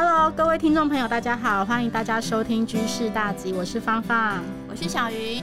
Hello，各位聽眾朋友，大家好，歡迎大家收聽《居事大吉》，我是芳芳，我是小雲。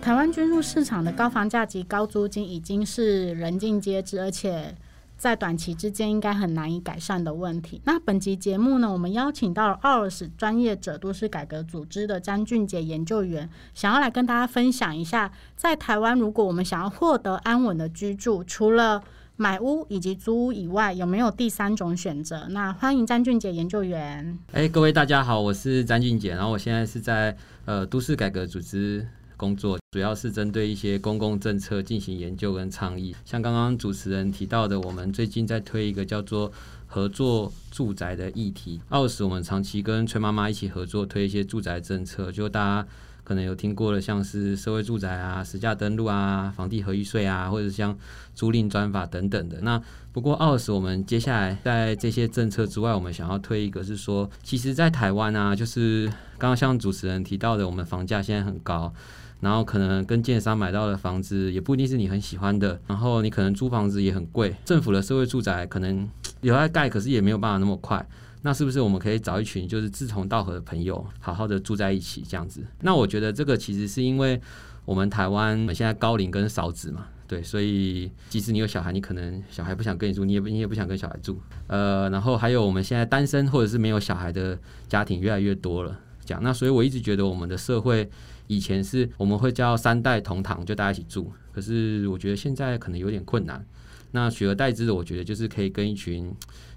台灣居住市場的高房價及高租金已經是人盡皆知，而且在短期之間應該很難以改善的問題。那本集節目呢，我們邀請到了 OURs 專業者都市改革組織的詹竣傑研究員，想要來跟大家分享一下，在台灣如果我們想要獲得安穩的居住，除了買屋以及租屋以外，有沒有第三種選擇？那歡迎詹竣傑研究員。哎、欸，各位大家好，我是詹竣傑，然後我現在是在呃都市改革組織工作，主要是針對一些公共政策進行研究跟倡議。像剛剛主持人提到的，我們最近在推一個叫做合作住宅的議題，OURs 我們長期跟崔媽媽一起合作推一些住宅政策，就大家，可能有聽過的，像是社會住宅啊、實價登錄啊、房地合一稅啊，或者像租賃專法等等的。那不過 OURs 我們接下來在這些政策之外，我們想要推一個是說，其實，在台灣啊，就是剛剛像主持人提到的，我們房價現在很高，然後可能跟建商買到的房子也不一定是你很喜歡的，然後你可能租房子也很貴。政府的社會住宅可能有在蓋，可是也沒有辦法那麼快。那是不是我們可以找一群就是志同道合的朋友，好好的住在一起這樣子？那我覺得這個其實是因為我們台灣現在高齡跟少子嘛，對，所以即使你有小孩，你可能小孩不想跟你住，你也不你也不想跟小孩住。呃，然後還有我們現在單身或者是沒有小孩的家庭越來越多了，這樣。那所以我一直覺得我們的社會以前是我們會叫三代同堂，就大家一起住，可是我覺得現在可能有點困難。那取而代之的，我覺得就是可以跟一群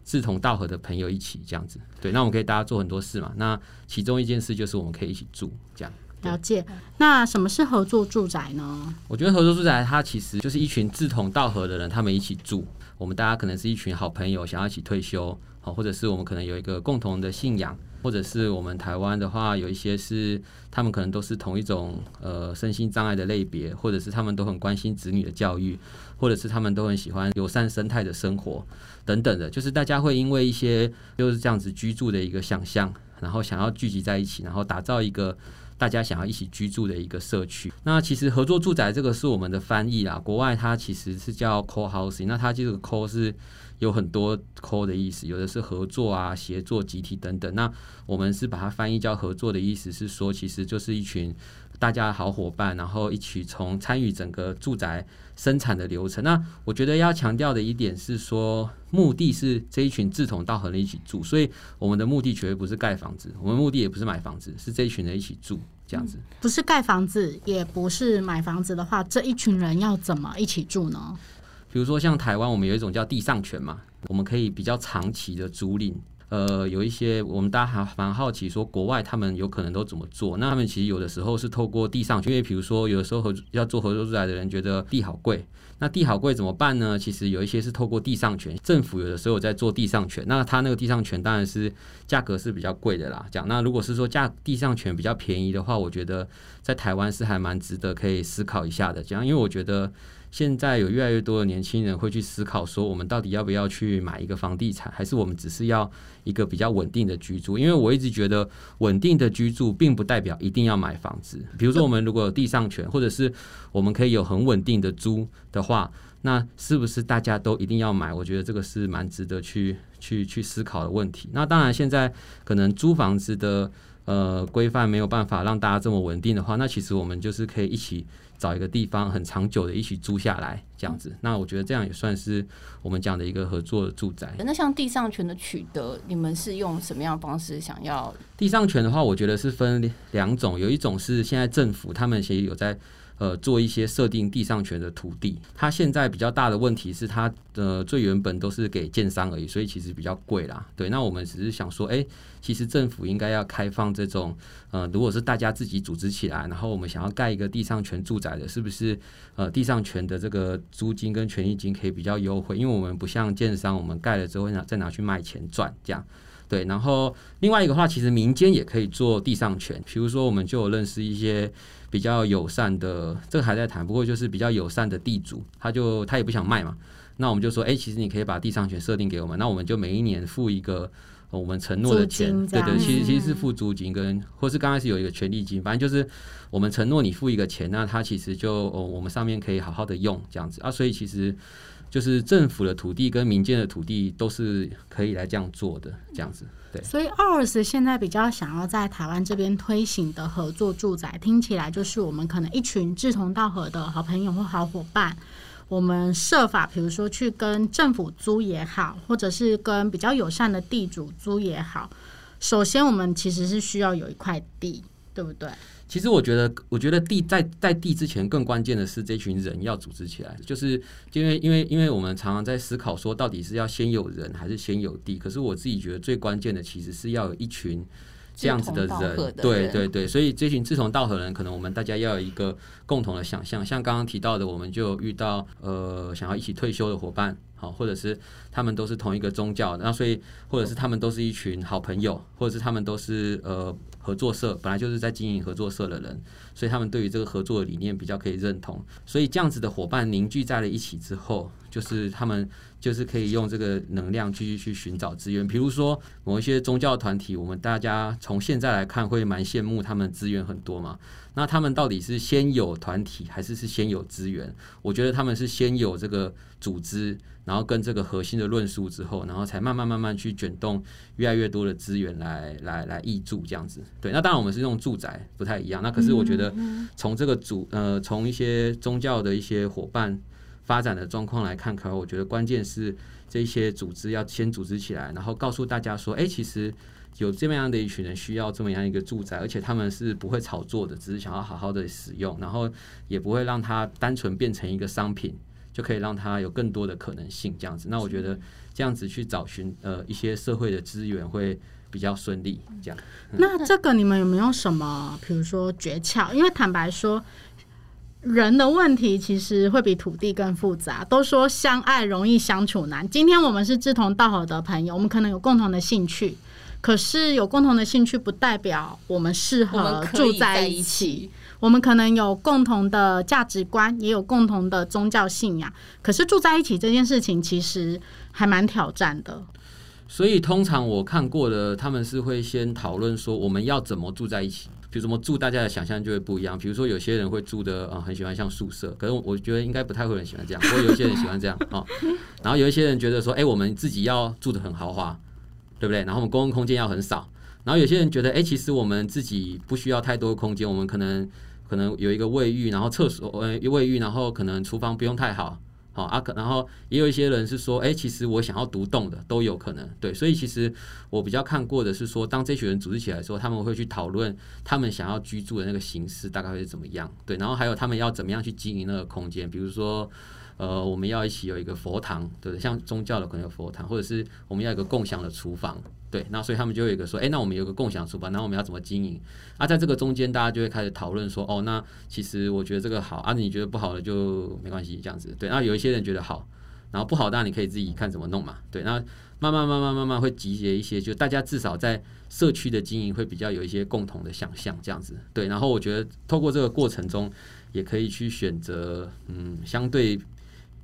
志同道合的朋友一起這樣子，對，那我們可以大家做很多事嘛。那其中一件事就是我們可以一起住，這樣了解。那什麼是合作住宅呢？我覺得合作住宅它其實就是一群志同道合的人，他們一起住。我們大家可能是一群好朋友，想要一起退休，好，或者是我們可能有一個共同的信仰。或者是我們台灣的話，有一些是他們可能都是同一種呃身心障礙的類別，或者是他們都很關心子女的教育，或者是他們都很喜歡友善生態的生活等等的，就是大家會因為一些就是這樣子居住的一個想象，然後想要聚集在一起，然後打造一個。大家想要一起居住的一個社區。那其實合作住宅這個是我們的翻譯啦，國外它其實是叫 co-housing。那它這個 co 是有很多 co 的意思，有的是合作啊、協作、集體等等。那我們是把它翻譯叫合作的意思，是說其實就是一群。大家好夥伴，然後一起從參與整個住宅生產的流程。那我覺得要強調的一點是說，目的是這一群志同道合的人一起住，所以我們的目的絕對不是蓋房子，我們目的也不是買房子，是這一群人一起住這樣子。嗯，不是蓋房子，也不是買房子的話，這一群人要怎麼一起住呢？比如說像台灣，我們有一種叫地上權嘛，我們可以比較長期的租賃。呃，有一些我們大家還蠻好奇，說國外他們有可能都怎麼做？那他們其實有的時候是透過地上權，因為比如說有的時候合要做合作住宅的人覺得地好貴，那地好貴怎麼辦呢？其實有一些是透過地上權，政府有的時候有在做地上權，那他那個地上權當然是價格是比較貴的啦。講那如果是說價地上權比較便宜的話，我覺得在台灣是還蠻值得可以思考一下的。講因為我覺得。現在有越來越多的年輕人會去思考說，我們到底要不要去買一個房地產，還是我們只是要一個比較穩定的居住？因為我一直覺得，穩定的居住並不代表一定要買房子。比如說，我們如果有地上權，或者是我們可以有很穩定的租的話，那是不是大家都一定要買？我覺得這個是蠻值得去去去思考的問題。那當然，現在可能租房子的呃規範沒有辦法讓大家這麼穩定的話，那其實我們就是可以一起。找一個地方很長久的一起租下來，這樣子、嗯。那我覺得這樣也算是我們講的一個合作的住宅。那像地上權的取得，你們是用什麼樣的方式想要？地上權的話，我覺得是分兩種，有一種是現在政府他們其實有在。呃，做一些設定地上權的土地，它現在比較大的問題是，它的最原本都是給建商而已，所以其實比較貴啦。對，那我們只是想說，欸，其實政府應該要開放這種，呃，如果是大家自己組織起來，然後我們想要蓋一個地上權住宅的，是不是？呃，地上權的這個租金跟權益金可以比較優惠，因為我們不像建商，我們蓋了之後呢再拿去賣錢賺這樣。對，然後另外一個話，其實民間也可以做地上權，比如說我們就有認識一些比較友善的，這個還在談，不過就是比較友善的地主，他就他也不想賣嘛，那我們就說，哎，其實你可以把地上權設定給我們，那我們就每一年付一個、哦、我們承諾的錢，對對，其實其實是付租金跟，或是剛開始有一個權利金，反正就是我們承諾你付一個錢，那他其實就、哦、我們上面可以好好的用這樣子啊，所以其實。就是政府的土地跟民間的土地都是可以來這樣做的，這樣子對。所以 OURs 現在比較想要在台灣這邊推行的合作住宅，聽起來就是我們可能一群志同道合的好朋友或好夥伴，我們設法，比如說去跟政府租也好，或者是跟比較友善的地主租也好。首先，我們其實是需要有一塊地，對不對？其實我覺得，我覺得地在在地之前更關鍵的是，這群人要組織起來。就是因為因為因為我們常常在思考說，到底是要先有人還是先有地？可是我自己覺得最關鍵的，其實是要有一群。這樣子的人，的人對對對，所以追尋志同道合的人，可能我們大家要有一個共同的想象。像剛剛提到的，我們就有遇到呃想要一起退休的伙伴，好、哦，或者是他們都是同一個宗教的，那所以或者是他們都是一群好朋友，或者是他們都是呃合作社，本來就是在經營合作社的人，所以他們對於這個合作的理念比較可以認同。所以這樣子的伙伴凝聚在了一起之後。就是他們就是可以用這個能量繼續去,去尋找資源，比如說某一些宗教團體，我們大家從現在來看會蠻羨慕他們資源很多嘛。那他們到底是先有團體，還是是先有資源？我覺得他們是先有這個組織，然後跟這個核心的論述之後，然後才慢慢慢慢去卷動越來越多的資源來來來挹注。這樣子。對，那當然我們是用住宅不太一樣，那可是我覺得從這個組呃，從一些宗教的一些伙伴。發展的狀況來看，可能我覺得關鍵是這些組織要先組織起來，然後告訴大家說，哎、欸，其實有這麼樣的一群人需要這麼樣一個住宅，而且他們是不會炒作的，只是想要好好的使用，然後也不會讓它單純變成一個商品，就可以讓它有更多的可能性這樣子。那我覺得這樣子去找尋呃一些社會的資源會比較順利。這樣，嗯，那這個你們有沒有什麼比如說訣竅？因為坦白說，人的問題其實會比土地更複雜。都說相愛容易相處難。今天我們是志同道合的朋友，我們可能有共同的興趣，可是有共同的興趣不代表我們適合住在一起。在一起。我們可能有共同的價值觀，也有共同的宗教信仰，可是住在一起這件事情其實還蠻挑戰的。所以通常我看過的，他們是會先討論說我們要怎麼住在一起。就怎麼住，大家的想象就會不一樣。比如說，有些人會住的啊、嗯，很喜歡像宿舍。可是我覺得應該不太會有人很喜歡這樣。不過有些人喜歡這樣啊、 哦。然後有一些人覺得說，誒、欸，我們自己要住得很豪華，對不對？然後我們公共空間要很少。然後有些人覺得，誒、欸，其實我們自己不需要太多空間，我們可能可能有一個衛浴，然後廁所呃欸，衛浴，然後可能廚房不用太好。好、啊、克。然後也有一些人是說，誒、欸，其實我想要獨棟的都有可能，對，所以其實我比較看過的是說，當這群人組織起來的時候，他們會去討論他們想要居住的那個形式大概會是怎麼樣，對，然後還有他們要怎麼樣去經營那個空間，比如說，呃，我們要一起有一個佛堂，對，像宗教的可能有佛堂，或者是我們要有個共享的廚房。對，那所以他們就有一個說，哎，那我們有個共享書吧，那我們要怎麼經營？啊，在這個中間，大家就會開始討論說，哦，那其實我覺得這個好，啊，你覺得不好的就沒關係，這樣子。對，那有一些人覺得好，然後不好，那你可以自己看怎麼弄嘛。對，那慢慢慢慢慢慢會集結一些，就大家至少在社區的經營會比較有一些共同的想象，這樣子。對，然後我覺得透過這個過程中，也可以去選擇，嗯，相對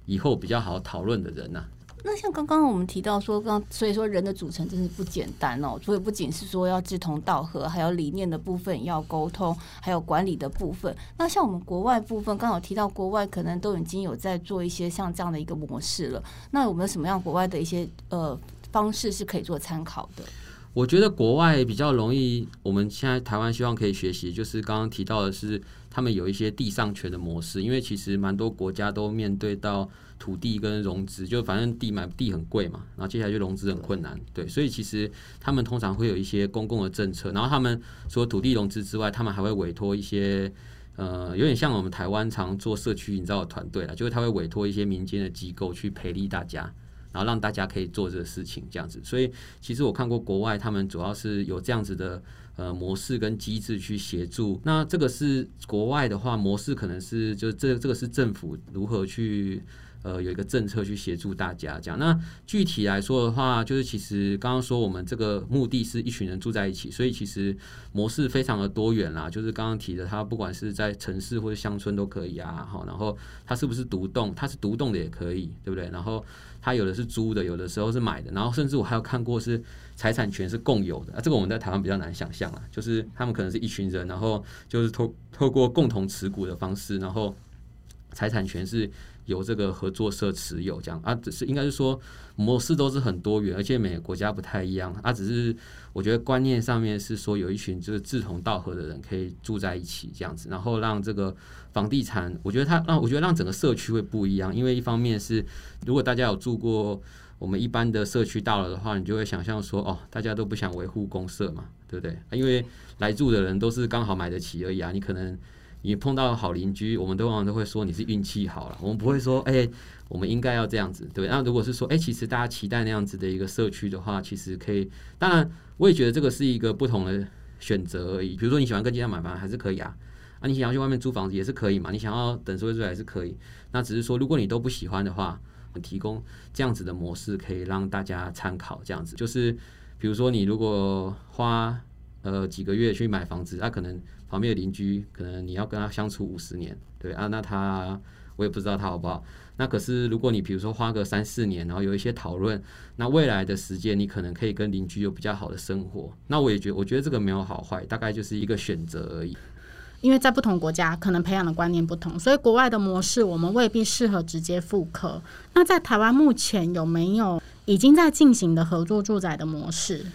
以後比較好討論的人吶、啊。那像剛剛我們提到說，剛所以說人的組成真是不簡單哦，所以不僅是說要志同道合，還有理念的部分要溝通，還有管理的部分。那像我們國外部分，剛好提到國外可能都已經有在做一些像這樣的一個模式了。那有沒有什麼樣國外的一些呃方式是可以做參考的？我覺得國外比較容易，我們現在台灣希望可以學習，就是剛剛提到的是。他們有一些地上權的模式，因為其實蠻多國家都面對到土地跟融資，就反正地買地很貴嘛，然後接下來就融資很困難，對，所以其實他們通常會有一些公共的政策，然後他們除了土地融資之外，他們還會委託一些呃，有點像我們台灣常做社區營造的團隊啦，就是他會委託一些民間的機構去培力大家，然後讓大家可以做這個事情這樣子。所以其實我看過國外，他們主要是有這樣子的。呃，模式跟機制去協助，那這個是國外的話，模式可能是就是這這個是政府如何去呃有一個政策去協助大家講。那具體來說的話，就是其實剛剛說我們這個目的是一群人住在一起，所以其實模式非常的多元啦。就是剛剛提的，它不管是在城市或者鄉村都可以啊。好，然後它是不是獨棟？它是獨棟的也可以，對不對？然後它有的是租的，有的時候是買的，然後甚至我還有看過是。財產權是共有的啊，這個我們在台灣比較難想象啊，就是他們可能是一群人，然後就是透透過共同持股的方式，然後財產權是由這個合作社持有這樣啊，只是應該是說模式都是很多元，而且每個國家不太一樣啊，只是我覺得觀念上面是說有一群就是志同道合的人可以住在一起這樣子，然後讓這個房地產，我覺得它讓、啊、我覺得讓整個社區會不一樣，因為一方面是如果大家有住過。我們一般的社區到了的話，你就會想象說，哦，大家都不想維護公社嘛，對不對？啊、因為來住的人都是剛好買得起而已啊。你可能你碰到好鄰居，我們都往往都會說你是運氣好了，我們不會說，哎、欸，我們應該要這樣子，對不對？那如果是說，哎、欸，其實大家期待那樣子的一個社區的話，其實可以。當然，我也覺得這個是一個不同的選擇而已。比如說你喜歡跟街上買房，還是可以啊；啊，你想要去外面租房子也是可以嘛。你想要等社會住宅還是可以。那只是說，如果你都不喜歡的話。提供這樣子的模式，可以讓大家參考。這樣子就是，比如說你如果花呃幾個月去買房子，那可能旁邊的鄰居，可能你要跟他相處五十年，對啊，那他我也不知道他好不好。那可是如果你比如說花個三四年，然後有一些討論，那未來的時間你可能可以跟鄰居有比較好的生活。那我也覺得我覺得這個沒有好壞，大概就是一個選擇而已。因為在不同國家可能培養的觀念不同，所以國外的模式我們未必適合直接複刻。那在台灣目前有沒有已經在進行的合作住宅的模式？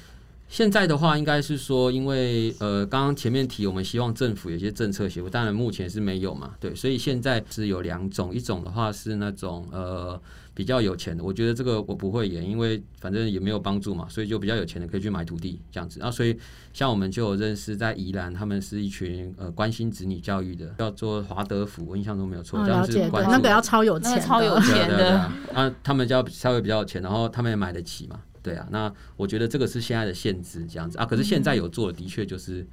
現在的話，應該是說，因為呃，剛剛前面提，我們希望政府有些政策協助，當然目前是沒有嘛，對，所以現在是有兩種，一種的話是那種呃。比較有錢的，我覺得這個我不會演，因為反正也沒有幫助嘛，所以就比較有錢的可以去買土地這樣子啊。所以像我們就有認識在宜蘭，他們是一群呃關心子女教育的，叫做華德福，我印象中沒有錯，這樣子。了解、啊、那個要超有錢，那個，超有錢的對對對啊，啊，他們家稍微比較有錢，然後他們也買得起嘛，對啊。那我覺得這個是現在的限制這樣子啊。可是現在有做的的確就是嗯嗯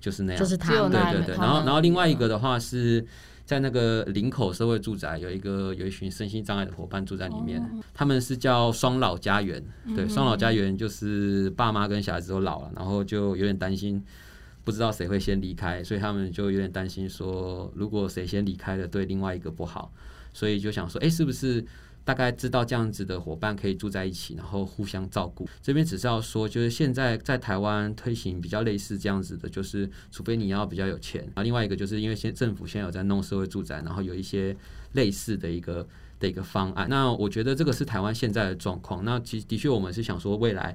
就是那樣，就是他們，對對對，然後，然後另外一個的話是。嗯在那個林口社會住宅有一個有一群身心障礙的夥伴住在裡面，oh. 他們是叫雙老家園，對，雙老家園，mm-hmm. 就是爸媽跟小孩子都老了，然後就有點擔心，不知道誰會先離開，所以他們就有點擔心說，如果誰先離開了，對另外一個不好，所以就想說，哎、欸，是不是？大概知道這樣子的夥伴可以住在一起，然後互相照顧。這邊只是要說，就是現在在台灣推行比較類似這樣子的，就是除非你要比較有錢啊，另外一個就是因為現政府現在有在弄社會住宅，然後有一些類似的一個的一個方案。那我覺得這個是台灣現在的狀況。那其的確，我們是想說未來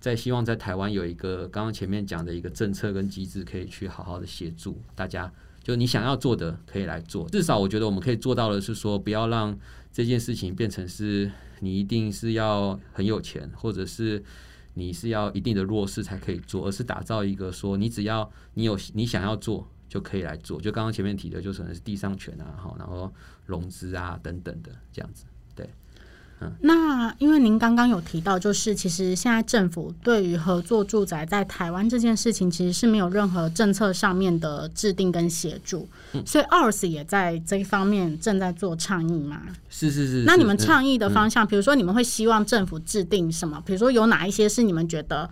在希望在台灣有一個剛剛前面講的一個政策跟機制，可以去好好的協助大家。就你想要做的可以來做，至少我覺得我們可以做到的是說，不要讓。這件事情變成是，你一定是要很有錢，或者是你是要一定的弱勢才可以做，而是打造一個說，你只要你有你想要做就可以來做。就剛剛前面提的，就可能是地上權啊，然後融資啊等等的這樣子，對。那因為您剛剛有提到，就是其實現在政府對於合作住宅在台灣這件事情，其實是沒有任何政策上面的制定跟協助，嗯，所以 OURs 也在這一方面正在做倡議嘛。是是是，是。那你們倡議的方向，嗯嗯，比如說你們會希望政府制定什麼？比如說有哪一些是你們覺得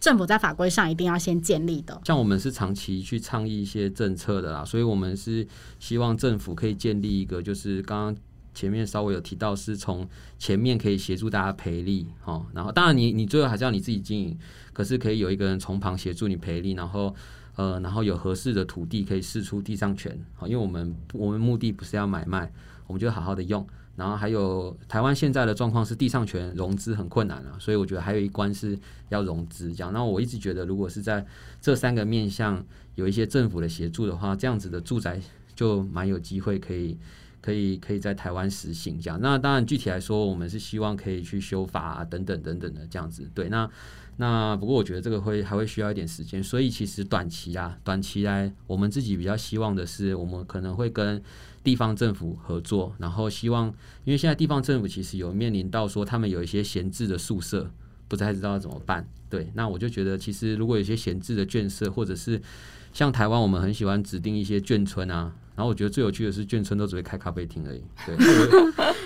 政府在法規上一定要先建立的？像我們是長期去倡議一些政策的啦，所以我們是希望政府可以建立一個，就是剛剛。前面稍微有提到，是從前面可以協助大家培力哦，然後當然你你最後還是要你自己經營，可是可以有一個人從旁協助你培力，然後呃，然後有合適的土地可以釋出地上權哦，因為我們我們目的不是要買賣，我們就好好的用。然後還有台灣現在的狀況是地上權融資很困難了，啊，所以我覺得還有一關是要融資這樣。那我一直覺得，如果是在這三個面向有一些政府的協助的話，這樣子的住宅就蠻有機會可以。可以可以在台灣實行這樣，那當然具體來說，我們是希望可以去修法啊，等等等等的這樣子。對，那那不過我覺得這個會還會需要一點時間，所以其實短期啊，短期來我們自己比較希望的是，我們可能會跟地方政府合作，然後希望，因為現在地方政府其實有面臨到說他們有一些閒置的宿舍，不太知道怎麼辦。對，那我就覺得其實如果有些閒置的眷舍，或者是像台灣，我們很喜歡指定一些眷村啊。然後我覺得最有趣的是眷村都只會開咖啡廳而已，對。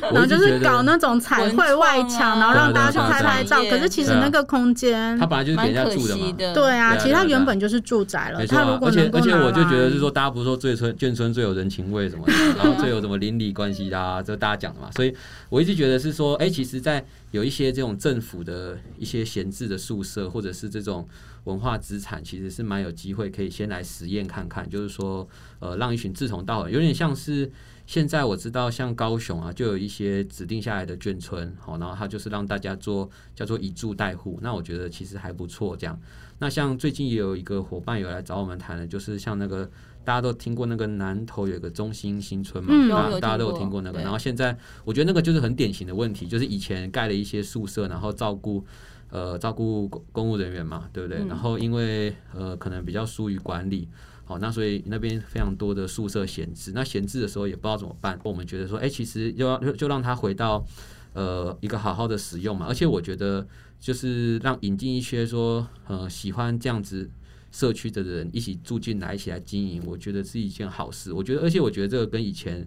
然後 就是搞那種彩繪外牆、啊，然後讓大家去拍拍照、啊啊啊啊啊啊。可是其實那個空間，啊個空間啊，他本來就是給人家住的嘛。對啊。其實、啊啊啊啊啊、他原本就是住宅了。而且而且我就覺得是說，大家不是說眷村眷村最有人情味什麼的、啊，然後最有什麼鄰里關係啦、啊，這大家講的嘛。所以我一直覺得是說，哎，其實，在有一些這種政府的一些閒置的宿舍，或者是這種文化資產，其實是蠻有機會可以先來實驗看看。就是說，呃，讓一群志同道合，有點像是現在我知道，像高雄啊，就有一些指定下來的眷村，好，然後他就是讓大家做叫做以住代護。那我覺得其實還不錯，這樣。那像最近也有一個夥伴有來找我們談的，就是像那個。大家都聽過那個南投有個中興新村嘛，嗯、大家都有聽過那個。然後現在我覺得那個就是很典型的問題，就是以前蓋了一些宿舍，然後照顧呃照顧公務人員嘛，對不對？嗯、然後因為呃可能比較疏於管理，好、哦、那所以那邊非常多的宿舍閒置。那閒置的時候也不知道怎麼辦。我們覺得說，哎、欸，其實就要就讓它回到呃一個好好的使用嘛。而且我覺得就是讓引進一些說呃喜歡這樣子。社區的人一起住進來，一起來經營，我覺得是一件好事。我覺得，而且我覺得這個跟以前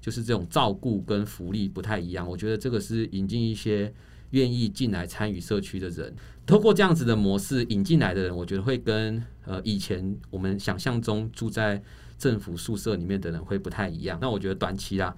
就是這種照顧跟福利不太一樣。我覺得這個是引進一些願意進來參與社區的人，透過這樣子的模式引進來的人，我覺得會跟，呃，以前我們想象中住在政府宿舍裡面的人會不太一樣。那我覺得短期啊。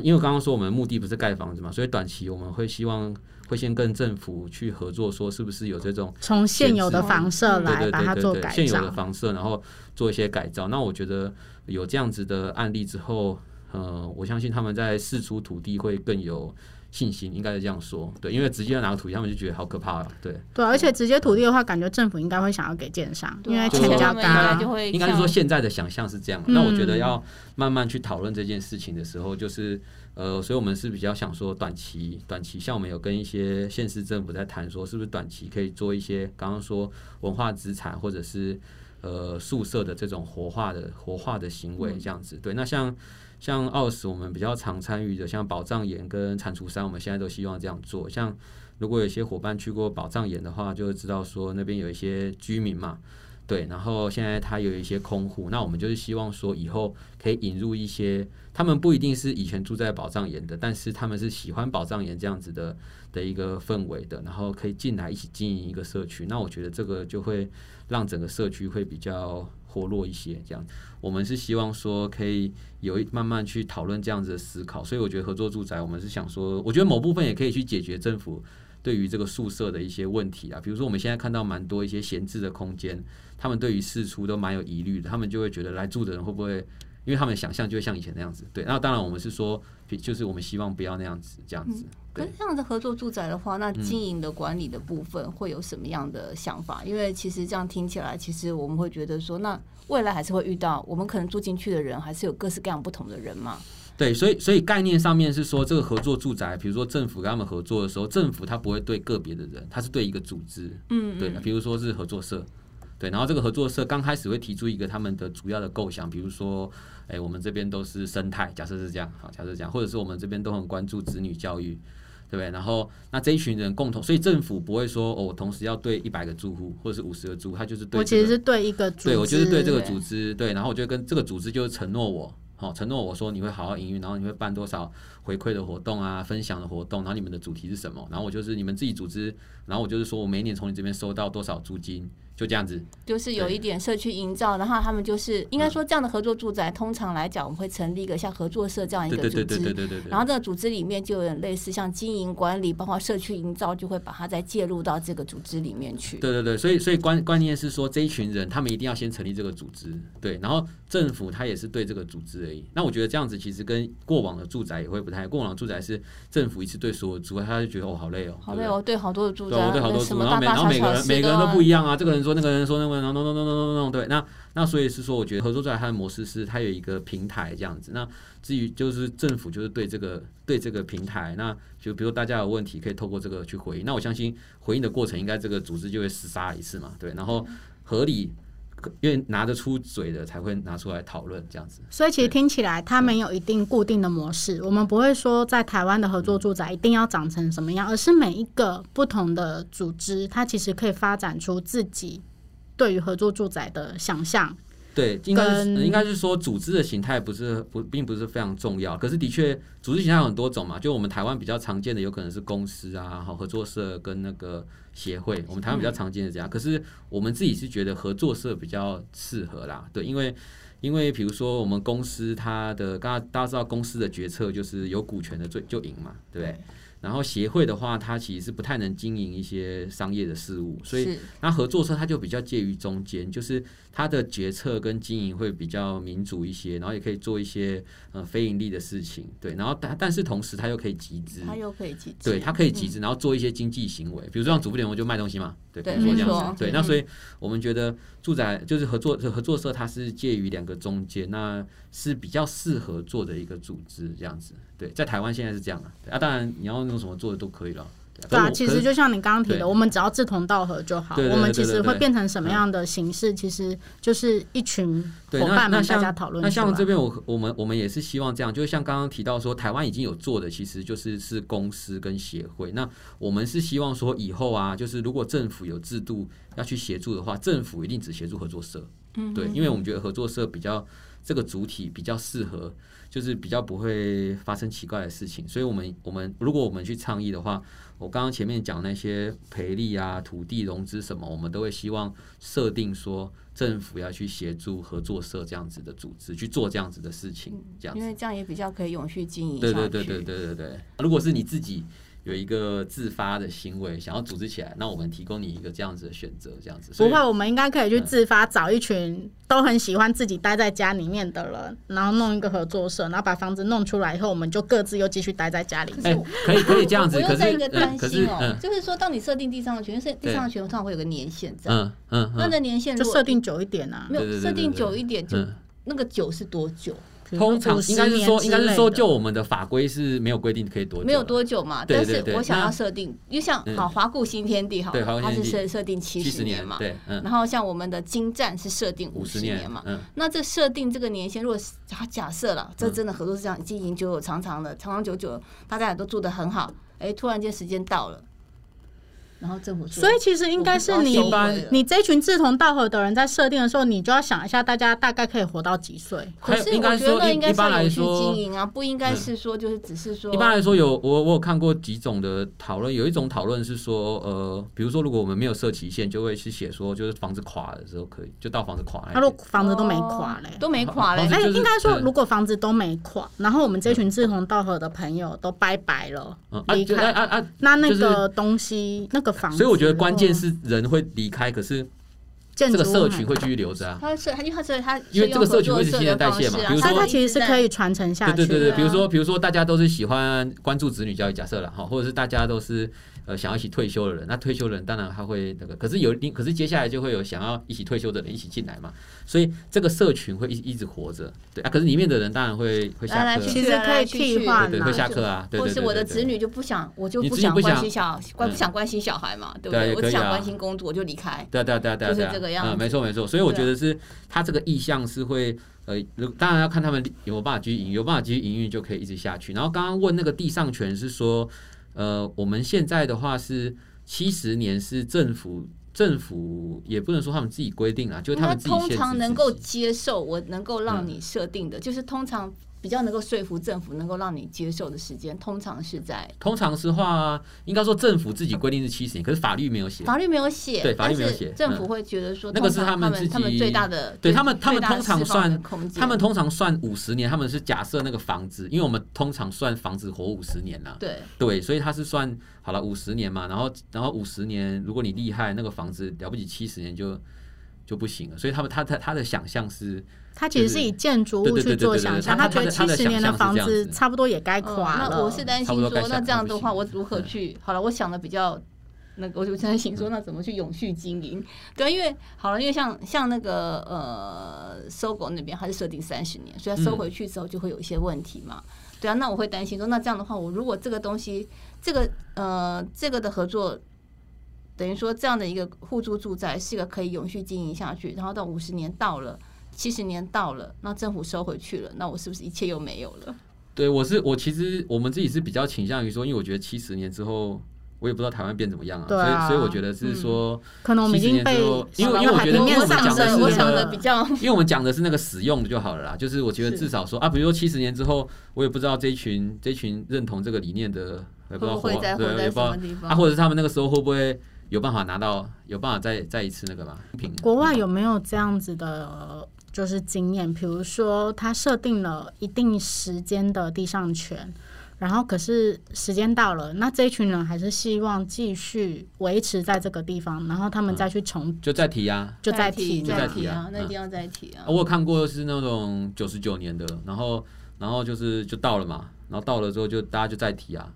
因為剛剛說我們目的不是蓋房子嘛，所以短期我們會希望會先跟政府去合作，說是不是有這種從現有的房舍來把它做改造，現有的房舍然後做一些改造。那我覺得有這樣子的案例之後，呃，我相信他們在釋出土地會更有。信心應該是這樣說，對，因為直接要拿個土地，他們就覺得好可怕、啊、對。對、啊，而且直接土地的話，感覺政府應該會想要給建商、啊，因為錢比較高，應該是說現在的想象是這樣、嗯，那我覺得要慢慢去討論這件事情的時候，就是呃，所以我們是比較想說短期，短期，像我們有跟一些縣市政府在談，說是不是短期可以做一些剛剛說文化資產或者是呃宿舍的這種活化的活化的行為這樣子。嗯、對，那像。像 OURs，我們比較常參與的，像寶藏巖跟蟾蜍山，我們現在都希望這樣做。像如果有些夥伴去過寶藏巖的話，就會知道說那邊有一些居民嘛，對。然後現在他有一些空戶，那我們就是希望說以後可以引入一些，他們不一定是以前住在寶藏巖的，但是他們是喜歡寶藏巖這樣子的的一個氛圍的，然後可以進來一起經營一個社區。那我覺得這個就會讓整個社區會比較。脫落一些，這樣我們是希望說可以有一慢慢去討論這樣子的思考。所以我覺得合作住宅，我們是想說，我覺得某部分也可以去解決政府對於這個宿舍的一些問題啊。比如說我們現在看到蠻多一些閒置的空間，他們對於釋出都蠻有疑慮的，他們就會覺得來住的人會不會？因為他們想象就會像以前那樣子，對。那當然，我們是說，就是我們希望不要那樣子這樣子。嗯，可是這樣子合作住宅的話，那經營的管理的部分會有什麼樣的想法？嗯，因為其實這樣聽起來，其實我們會覺得說，那未來還是會遇到我們可能住進去的人，還是有各式各樣不同的人嘛。對，所以所以概念上面是說，這個合作住宅，比如說政府跟他們合作的時候，政府他不會對個別的人，他是對一個組織，嗯，嗯，對。比如說是合作社。對，然後這個合作社剛開始會提出一個他們的主要的構想，比如說，誒、哎，我們這邊都是生態，假設是這樣，好，假設是這樣，或者是我們這邊都很關注子女教育，對不對？然後，那這一群人共同，所以政府不會說，哦、我同時要對一百個住戶或者是五十個住戶，他就是對、這個、我其實是對一個組織，對，我就是對這個組織對，對，然後我就跟這個組織就是承諾我，好、哦，承諾我說你會好好營運，然後你會辦多少回饋的活動啊，分享的活動，然後你們的主題是什麼？然後我就是你們自己組織，然後我就是說我每年從你這邊收到多少租金。就這樣子，就是有一點社區營造，然後他們就是應該說這樣的合作住宅，通常來講我們會成立一個像合作社這樣一個組織，對對對對對對對。然後這個組織裡面就有點類似像經營管理，包括社區營造，就會把它再介入到這個組織裡面去。對對對，對，所以所以關關鍵是說，這一群人他們一定要先成立這個組織，對。然後政府他也是對這個組織而已。那我覺得這樣子其實跟過往的住宅也會不太一樣，過往的住宅是政府一次對所有，主要他就覺得哦好累哦，好累哦，對，好多的住宅，哦、對，好多，然後每然後每個人每個人都不一樣啊，這個人說。那個人說，那個人，no no no no。對，那那所以是說，我覺得合作住宅的模式是，它有一個平台這樣子。那至於就是政府，就是對這個對這個平台，那就比如大家有問題可以透過這個去回應。那我相信回應的過程，應該這個組織就會厮殺一次嘛，對，然後合理。因為拿得出嘴的才會拿出來討論這樣子，所以其實聽起來它沒有一定固定的模式。我們不會說在台灣的合作住宅一定要長成什麼樣，而是每一個不同的組織，它其實可以發展出自己對於合作住宅的想象。對，應該、嗯、應該是說組織的形態不是不並不是非常重要，可是的確組織形態有很多種嘛。就我們台灣比較常見的，有可能是公司啊，好合作社跟那個協會。我們台灣比較常見的是這樣，嗯、可是我們自己是覺得合作社比較適合啦。對，因為因為比如說我們公司它的，大大家知道公司的決策就是有股權的最就贏嘛，對不對？然後協會的話，它其實是不太能經營一些商業的事務，所以那合作社它就比較介於中間，就是。它的決策跟經營會比較民主一些，然後也可以做一些呃非盈利的事情，對，然後但但是同時它又可以集資，它又可以集資，對，它可以集資、嗯，然後做一些經濟行為，比如說像主婦聯盟就賣東西嘛，對，對對比如說這樣子、嗯，對，那所以我們覺得住宅就是合作合作社，它是介於兩個中間，那是比較適合做的一個組織這樣子，對，在台灣現在是這樣的、啊，啊，當然你要用什麼做的都可以了。對啊，哦，其實就像你剛剛提的，我們只要志同道合就好，對對對對對。我們其實會變成什麼樣的形式，其實就是一群夥伴們大家討論。那像，那像這邊我我們我們也是希望這樣，就像剛剛提到說，台灣已經有做的，其實就是是公司跟協會。那我們是希望說以後啊，就是如果政府有制度要去協助的話，政府一定只協助合作社。嗯，對，因為我們覺得合作社比較這個主體比較適合，就是比較不會發生奇怪的事情。所以我們我們如果我們去倡議的話。我剛剛前面講那些賠利啊、土地融資什麼，我們都會希望設定說，政府要去協助合作社這樣子的組織去做這樣子的事情，這樣、嗯、因為這樣也比較可以永續經營下去。對對對對對對對，如果是你自己。嗯有一個自發的行為想要組織起來，那我們提供你一個這樣子的選擇，這樣子不會，我們應該可以去自發找一群都很喜歡自己待在家裡面的人，然後弄一個合作社，然後把房子弄出來以後，我們就各自又繼續待在家裡面。可,是、欸、可以可以這樣子，不用再一個擔心哦、喔嗯嗯。就是說，當你設定地上的權是地上的權，通常,常會有個年限這樣嗯嗯,嗯，那的年限就設定久一點啊，沒有設定久一點就，就那個久是多久？通常應該是說，應該是說，就我們的法規是沒有規定可以多久，沒有多久嘛。對對對，但是，我想要設定、嗯，因為像好華固新、嗯、新天地，好，它是設設定七十年嘛、年、嗯。然後像我們的京站是設定五十年嘛。嗯、那這設定這個年限，如果假設了，這真的合作是這樣，經營久久長長的，長長久久，大家都住得很好，哎、欸，突然間時間到了。然後政府，所以其實應該是你你這一群志同道合的人在設定的時候，你就要想一下大家大概可以活到幾歲。可是我覺得應該是，經營啊，不應該是說、嗯、就是只是說。一般來說有我我有看過幾種的討論，有一種討論是說呃，比如說如果我們沒有設期限，就會去寫說就是房子垮的時候可以就到房子垮那。他、啊、說房子都沒垮嘞，都沒垮嘞。但、啊就是欸、應該說如果房子都沒垮，然後我們這群志同道合的朋友都拜拜了離、嗯、開、啊啊啊，那那個東西、就是、那個。所以我覺得關鍵是人會離開，可是這個社群會繼續留着啊。因為這個社群會是新陳代謝嘛。比如說，他其實是可以傳承下去。對對對對,對,對，比如說，比如說，比如說大家都是喜歡關注子女教育，假設了哈，或者是大家都是。呃，想要一起退休的人，那退休的人當然他會那個，可是有，可是接下來就會有想要一起退休的人一起進來嘛，所以這個社群會一一直活着，對啊。可是裡面的人當然會會下課、啊啊，其實可以替對,對,對，會下課啊。或對,對,對,對,對或是我的子女就不想，我就不想關心小關，不想關心小孩嘛，嗯、對不對,對、啊？我只想關心工作，我就離開。對對對對對。就是這個樣子。嗯、沒錯沒錯，所以我覺得是，他這個意向是會對呃，當然要看他們有沒有辦法繼續營，有辦法繼續營運就可以一直下去。然後剛剛問那個地上權是說。呃，我們現在的話是七十年，是政府政府也不能說他們自己規定啊，就他們自己自己他通常能夠接受我能夠讓你設定的，嗯，就是通常。比較能夠說服政府，能夠讓你接受的時間，通常是在。通常的話，應該說政府自己規定是七十年，可是法律沒有寫。法律沒有寫。對，法律沒有寫。政府會覺得說、嗯。那個是他們自己。他們最大的。對他們，他們通常算。他們通常算五十年，他們是假設那個房子，因為我們通常算房子活五十年啦。對。對，所以他是算好了五十年嘛，然後然後五十年，如果你厲害，那個房子了不起，七十年就。就不行了，所以他們他的他，他的想象是,、就是，他其實是以建築物去做想象他覺得七十年的房子差不多也該垮了。哦、那我是擔心說，那這樣的話我如何去？嗯、好了，我想的比較那個，我就擔心說，那怎麼去永續經營？ 對，因為好了，因為像像那個呃，收購那邊還是設定三十年，所以收回去之後就會有一些問題嘛。嗯、對啊，那我會擔心說，那這樣的話，我如果這個東西，這個呃，這個的合作。等於說，這樣的一個互助住宅是一個可以永續經營下去，然後到五十年到了，七十年到了，那政府收回去了，那我是不是一切又沒有了？對，我是，我其實我們自己是比較傾向於說，因為我覺得七十年之後，我也不知道台灣變怎麼樣啊，對啊，所以所以我覺得是說，嗯，可能我們已經被因為，因為我覺得因為我，想因為我們講的想的比較，因為我們講的是那個使用的就好了啦，就是我覺得至少說啊，比如說七十年之後，我也不知道這群這群認同這個理念的，還不知道活會不會在對活在什麼地方啊，或者是他們那個時候會不會？有辦法拿到，有辦法再再一次那個吧？國外有沒有這樣子的，就是經驗？比如說，他設定了一定時間的地上權，然後可是時間到了，那這群人還是希望繼續維持在這個地方，然後他們再去重、嗯、就再提啊，就再提，就再提，就再提啊，那一定要再提啊。嗯哦、我看過是那種九十九年的，然後然後就是就到了嘛，然後到了之後就，就大家就再提啊。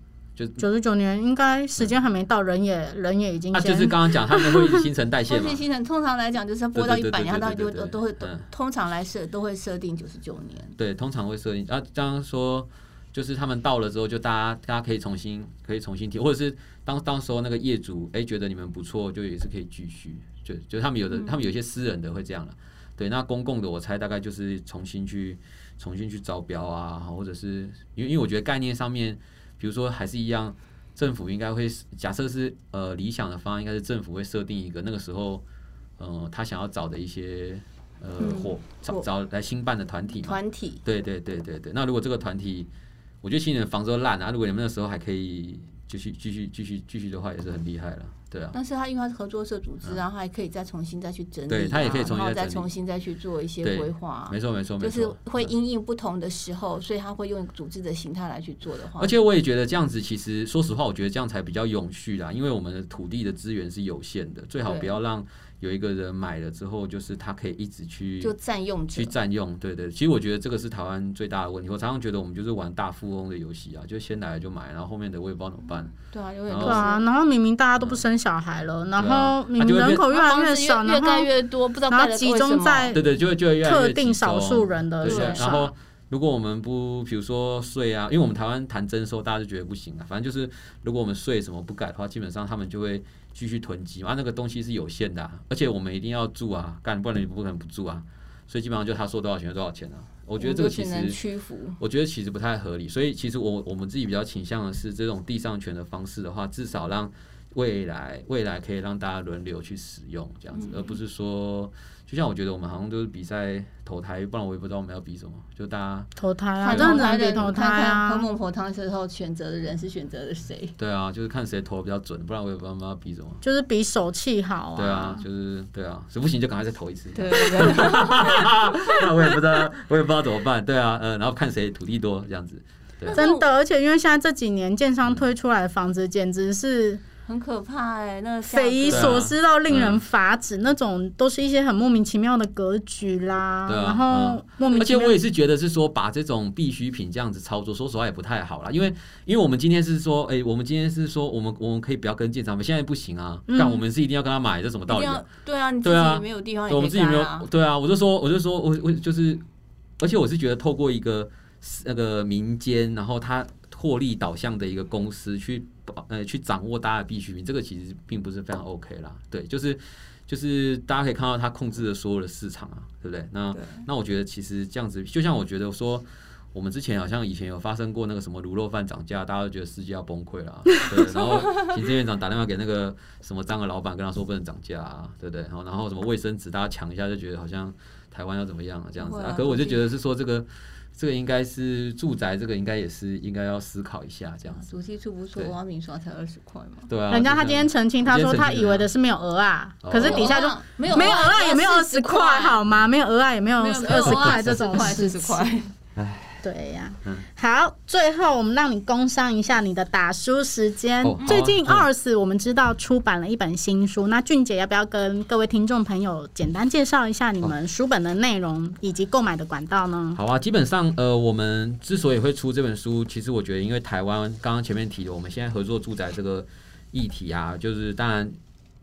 九十九年應該時間還沒到，嗯、人也人也已經。啊，就是剛剛講他們會新陳代謝嘛。 新陳代謝通常來講，就是播到一百年，它就都都會、嗯、通常來設都會設定九十九年。對，通常會設定。啊，剛剛說就是他們到了之後，就大家大家可以重新可以重新提，或者是當當時候那個業主哎、欸、覺得你們不錯，就也是可以繼續。就就他們有的、嗯、他們有些私人的會這樣了。對，那公共的我猜大概就是重新去重新去招標啊，或者是因為因為我覺得概念上面。比如說還是一樣，政府應該會假設是呃理想的方案應該是政府會設定一個那個時候，呃他想要找的一些呃伙、嗯、找找來新辦的團體嘛，團體，對對對對對。那如果這個團體，我覺得新年房子爛了，如果你們那時候還可以繼續繼續繼續繼續的話，也是很厲害了。嗯對啊，但是他因為他是合作社組織、啊啊，然後還可以再重新再去整理、啊對，他也可以重新然後再重新再去做一些規劃。沒錯沒錯，沒錯，就是會因應不同的時候、嗯，所以他會用組織的形態來去做的話。而且我也覺得這樣子，其實、嗯、說實話，我覺得這樣才比較永續啦、啊，因為我們的土地的資源是有限的，最好不要讓。有一個人買了之後，就是他可以一直去就占用去占用，對對。其實我覺得這個是台灣最大的問題。我常常覺得我們就是玩大富翁的遊戲啊，就先來就買，然後後面的我也不知道怎麼辦。對啊，對啊。然後明明大家都不生小孩了，嗯、然後明明人口越來越少，啊啊啊、越蓋越，越，越多，不知道什麼集中在對對，就會就會特定少數人的。對，對。然後如果我們不，比如說稅啊，因為我們台灣談徵收，大家就覺得不行啊。反正就是如果我們稅什麼不改的話，基本上他們就會。繼續囤積嘛、啊？那個東西是有限的、啊，而且我們一定要住啊，干不然你不可能不住啊，所以基本上就他說多少錢就多少錢呢、啊？我覺得這個其實我，屈服我覺得其實不太合理，所以其實我我們自己比較傾向的是這種地上權的方式的話，至少讓未來未來可以讓大家輪流去使用這樣子，嗯、而不是說。就像我覺得我們好像就是比賽投胎，不然我也不知道我們要比什麼。就大家投胎，啊，反正來得投胎啊。投胎投胎投胎啊，看看喝孟婆湯的時候選擇的人是選擇的誰？對啊，就是看誰投的比較準，不然我也不知道我們要比什麼。就是比手氣好啊。對啊，就是對啊，實不行就趕快再投一次。對，那、 啊、我也不知道，我也不知道怎麼辦。對啊，嗯、呃，然後看誰土地多這樣子對、啊。真的，而且因為現在這幾年建商推出來的房子簡直是。很可怕哎、欸，那匪夷所思到令人發指、啊嗯、那種，都是一些很莫名其妙的格局啦。對啊嗯、然後莫名其妙。而且我也是覺得是說，把這種必需品，這樣子操作、嗯，說實話也不太好啦，因為因為我們今天是說，哎、欸，我們今天是說，我們我們可以不要跟進，他們現在不行啊。但、嗯、我們是一定要跟他買，這什麼道理？對啊，你自己啊，對啊，沒有地方，我們自己沒有。對啊，我就說，我就說我我就是，而且我是覺得透過一個那個民間，然後他。獲利導向的一個公司去保呃去掌握大家的必需品，這個其實並不是非常 OK 啦。對，就是就是大家可以看到，它控制的所有的市場啊，對不對？那對那我覺得其實這樣子，就像我覺得說，我們之前好像以前有發生過那個什麼滷肉飯漲價，大家都覺得世界要崩潰了，對。然後行政院長打電話給那個什麼張的老闆，跟他說不能漲價啊，對不對？然後然後什麼衛生紙，大家搶一下就覺得好像台灣要怎麼樣啊，這樣子啊。啊可是我就覺得是說這個。這個應該是住宅，這個應該也是應該要思考一下這樣。主悉處不錯，王明雙才二十塊嘛？對啊，人家他今天澄清，他說他以為的是沒有蚵仔，可是底下就沒有蚵仔，也沒有二十塊好嗎？沒有蚵仔，也沒有二十塊，塊這種塊，哎對呀、啊嗯，好，最後我們讓你工商一下你的打書時間，哦。最近 OURs、嗯、我們知道出版了一本新書，嗯、那俊杰要不要跟各位聽眾朋友簡單介紹一下你們書本的內容以及購買的管道呢、哦？好啊，基本上呃，我們之所以會出這本書，其實我覺得因為台灣剛剛前面提的我們現在合作住宅這個議題啊，就是當然。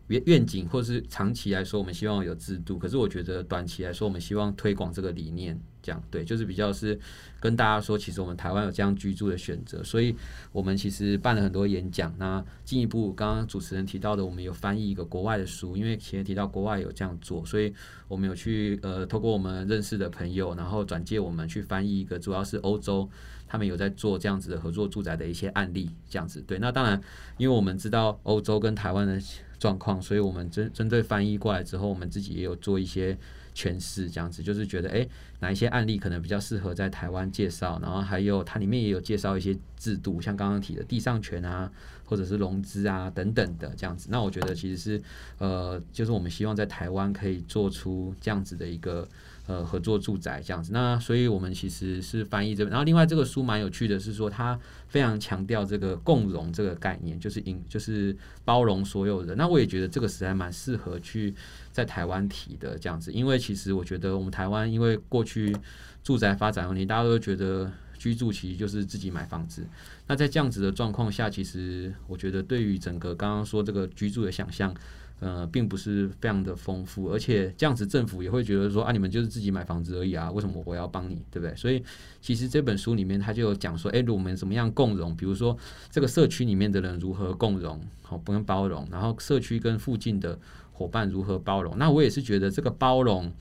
願願景，或是長期來說，我們希望有制度。可是我覺得短期來說，我們希望推廣這個理念，這樣對，就是比較是跟大家說，其實我們台灣有這樣居住的選擇。所以，我們其實辦了很多演講，那進一步剛剛主持人提到的，我們有翻譯一個國外的書，因為前提到國外有這樣做，所以我們有去呃，透過我們認識的朋友，然後轉介我們去翻譯一個，主要是歐洲。他們有在做這樣子的合作住宅的一些案例，這樣子對。那當然，因為我們知道歐洲跟台灣的狀況，所以我們針針對翻譯過來之後，我們自己也有做一些詮釋，這樣子就是覺得，哎、欸，哪一些案例可能比較適合在台灣介紹，然後還有它裡面也有介紹一些制度，像剛剛提的地上權啊，或者是融資啊等等的這樣子。那我覺得其實是，呃，就是我們希望在台灣可以做出這樣子的一個。呃，合作住宅這樣子，那所以我們其實是翻譯這本。然後另外這個書蠻有趣的是說，它非常強調這個共融這個概念，就是引就是包容所有人。那我也覺得這個實在蠻適合去在台灣提的這樣子，因為其實我覺得我們台灣因為過去住宅發展問題，大家都覺得居住其實就是自己買房子。那在這樣子的狀況下，其實我覺得對於整個剛剛說這個居住的想象。呃，並不是非常的豐富，而且這樣子政府也會覺得說啊，你們就是自己買房子而已啊，為什麼我要幫你，對不對？所以其實這本書裡面他就有講說，哎、欸，我們怎麼樣共融？比如說這個社區裡面的人如何共融，好、哦，不用包容，然後社區跟附近的夥伴如何包容？那我也是覺得這個包容，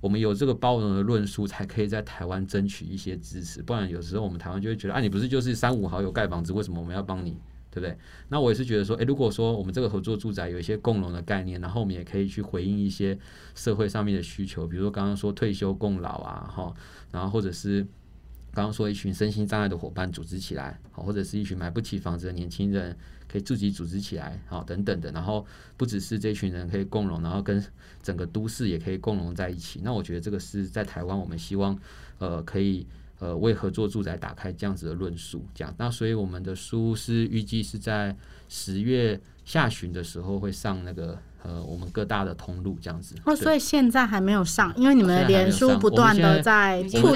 我們有這個包容的論述，才可以在台灣爭取一些支持，不然有時候我們台灣就會覺得，啊，你不是就是三五好友蓋房子，為什麼我們要幫你？對不對？那我也是覺得說，誒，如果說我們這個合作住宅有一些共榮的概念，然後我們也可以去回應一些社會上面的需求，比如說剛剛說退休共老啊，哈，然後或者是剛剛說一群身心障礙的夥伴組織起來，好，或者是一群買不起房子的年輕人可以自己組織起來，好，等等的，然後不只是這群人可以共榮，然後跟整個都市也可以共榮在一起。那我覺得這個是在台灣，我們希望呃可以。呃，為合作住宅打開這樣子的論述，這樣。那所以我們的書是預計是在十月下旬的時候會上那個呃我們各大的通路這樣子。哦，所以現在還沒有上，因為你們的連書不斷的在庫我，我，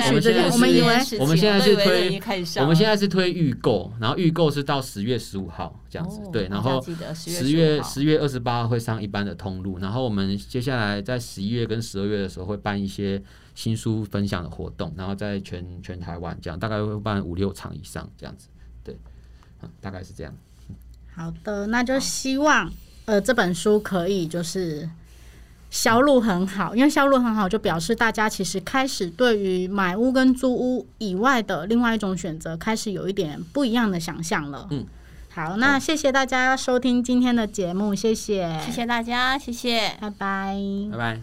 我，我們以為，我，以為我們現在是推，我們現在是推預購，然後預購是到十月十五號這樣子，對、哦。然後十月十月二十八號會上一般的通路，然後我們接下來在十一月跟十二月的時候會辦一些。新書分享的活動，然後在全全台灣這樣，大概會辦五六場以上這樣子，對，嗯、大概是這樣、嗯。好的，那就希望呃這本書可以就是銷路很好，嗯、因為銷路很好，就表示大家其實開始對於買屋跟租屋以外的另外一種選擇，開始有一點不一樣的想象了。嗯，好，那謝謝大家收聽今天的節目，謝謝，謝謝大家，謝謝，拜拜，拜拜。